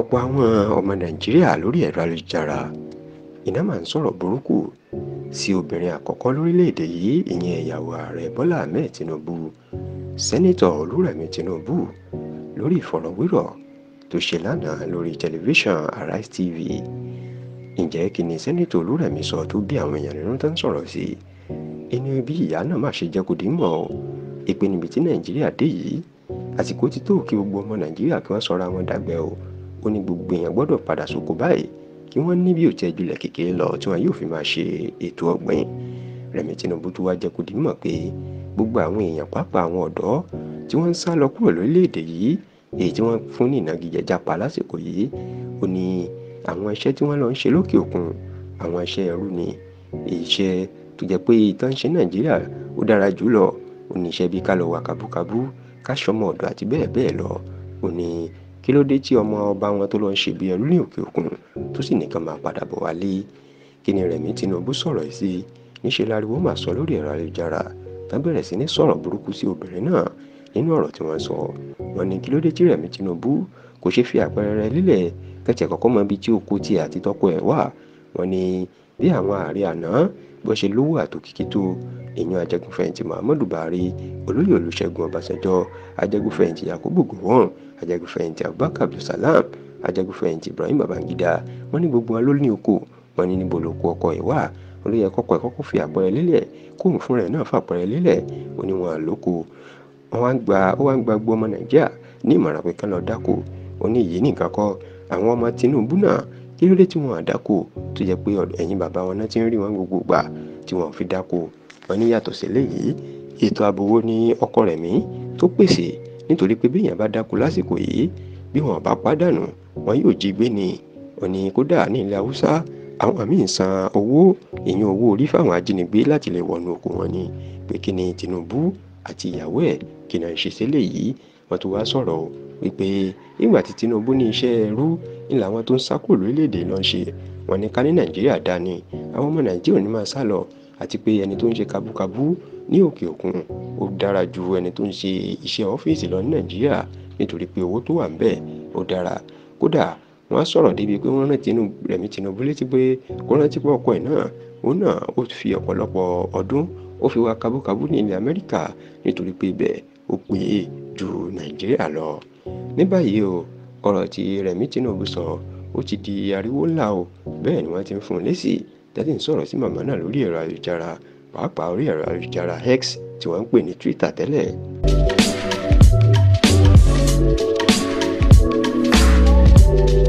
ọ̀pọ̀ àwọn ọmọ nàìjíríà lórí ẹ̀rọ ayélujára iná máa ń sọ̀rọ̀ burúkú sí obìnrin àkọ́kọ́ lórílẹ̀‐èdè yìí ìyẹn ìyàwó ààrẹ bọ́lá ahmed tinubu sẹ́nitọ̀ olúrẹ̀mí tinubu lórí ìfọ̀rọ̀wérọ̀ tó ṣe lánàá lórí tẹlifíṣàn arise tv ǹjẹ́ kí ni sẹ́nitọ̀ olúrẹ̀mí sọ tó bí àwọn èèyàn nínú tó ń sọ̀rọ̀ sí inú bí ìyá náà má ṣe jẹ́ kó dì í mọ́ tí nàìjíríà dé yìí àsìkò ti tó kí gbogbo ọmọ nàìjíríà kí wọ́n sọra ó ní gbogbo èèyàn gbọ́dọ̀ padà sóko báyìí kí wọ́n ní bí òtí ẹjulẹ̀ kékeré lọ tí wọ́n yóò fi máa ṣe ètò ọ̀gbìn Rẹ̀mí Tinubu tó wá jẹ́ kó di mọ̀ pé gbogbo àwọn èèyàn pàápàá àwọn ọ̀dọ́ tí wọ́n ń sá lọ kúrò lórílẹ̀‐èdè yìí èyí tí wọ́n fún ní ìnagijẹ japa lásìkò yìí ó ní àwọn iṣẹ́ tí wọ́n lọ ń ṣe lókè òkun àwọn iṣẹ́ ẹrú ni iṣẹ́ tó jẹ́ pé ìtàn ṣe Nàìjíríà ó dára jùlọ ó ní iṣẹ́ bí ká lọ wà kábúkábú ká ṣọmọ ọ̀dọ̀ àti bẹ́ẹ̀ bẹ́ẹ̀ lọ ó ní kí ló dé tí ọmọ ọba wọn tó lọ ń ṣèbí ẹrú ní òkè òkun tó sì nìkan máa padà bọ̀ wálé kí ni Rẹ̀mí Tinubu sọ̀rọ̀ sí i níṣẹ́ láriwo máa sọ lórí ẹ̀rọ ayélujára tán bẹ̀rẹ̀ sí ní sọ̀rọ̀ burúkú sí obìnrin náà nínú ọ̀rọ̀ tí wọ́n sọ wọ́n ní kí ló dé tí Rẹ̀mí Tinubu kò ṣe fi àpẹẹrẹ lílẹ̀ kẹ̀tẹ̀ kọ́kọ́ mọ ibi tí okó tiẹ̀ àti tọ́kọ ẹ̀ wà wọ́n ní bí àwọn ààrẹ àná bó ṣe lówó àtòkìkí tó ìyún ajẹ́gunfẹ̀yìntì muhammadu buhari olóyè olùṣègùn ọbásanjọ́ ajẹ́gunfẹ̀yìntì yakubu gowon ajẹ́gunfẹ̀yìntì abubakar abdulsalam ajẹ́gunfẹ̀yìntì ibrahim babangida wọ́n ní gbogbo wọn ló ní oko wọ́n ní níbo lóko ọkọ ẹ̀ wà wọ́n ló yẹ kọ́kọ́ ẹ̀ kọ́kọ́ fi àpẹẹrẹ lélẹ̀ kóun fúnra ẹ̀ náà fà àpẹẹrẹ lélẹ̀ ó ní wọn lóko ó wá ń gba gbogbo ọmọ nàìjíríà ní ìmọ̀ràn pé kán lọ dáko ó ní ìyí nìkan kọ́ àwọn ọmọ tinubu náà kí ló dé tí wọn àdáko tó jẹ pé ẹ̀yin bàbá wọn náà ti ń rí wọn gbogbo gbà tí wọn fi dáko wọ́n ní yàtọ̀ sí eléyìí ètò ààbò wo ni ọkọ̀ rẹ̀ mí tó pèsè nítorí pé béèyàn bá dákú lásìkò yìí bí wọn bá pàdánù wọn yóò jí gbé ni òní kódà ní ilẹ̀ haúsá àwọn míì san owó èèyàn owó orí fáwọn ajínigbé láti lè wọnú oko wọn ni pé kí ni Tinubu àti ìyàwó ẹ̀ kí náà ṣe sílẹ̀ yìí wọ́n ti wá sọ̀rọ̀ wípé ìgbà tí Tinubu ní iṣẹ́ ẹrú ni làwọn tó ń sá kúrò lórílẹ̀‐èdè lọ́n ṣe wọ́n ní ká ní Nàìjíríà dání àwọn ọmọ Nàìjíríà ní máa sá lọ àti pé ẹni tó ń ṣe kabúkabú ní òkè òkun ó dára ju ẹni tó ń ṣe iṣẹ́ ọ́fíìsì lọ ní nàìjíríà nítorí pé owó tó wà ń bẹ̀ ó dára kódà wọ́n á sọ̀rọ̀ débi pé wọ́n rántí Rẹ̀mí Tinubu létí pé kó rántí pé ọkọ ẹ̀ náà òun náà ó fi ọ̀pọ̀lọpọ̀ ọdún ó fi wá kabúkabú ní ilẹ̀ Amẹ́ríkà nítorí pé ibẹ̀ ó pè é ju Nàìjíríà lọ ní báyìí o ọ̀rọ̀ tí Rẹ̀mí Tinubu sọ ó ti di ariwo ńlá o bẹ́ẹ̀ ni wọ́n ti ń fún un lésì tẹ́lẹ̀ ń sọ̀rọ̀ sí màmá náà lórí ẹ̀rọ ayélujára pàápàá orí ẹ̀rọ ayélujára X tí wọ́n ń pè ní Twitter tẹ́lẹ̀. thank you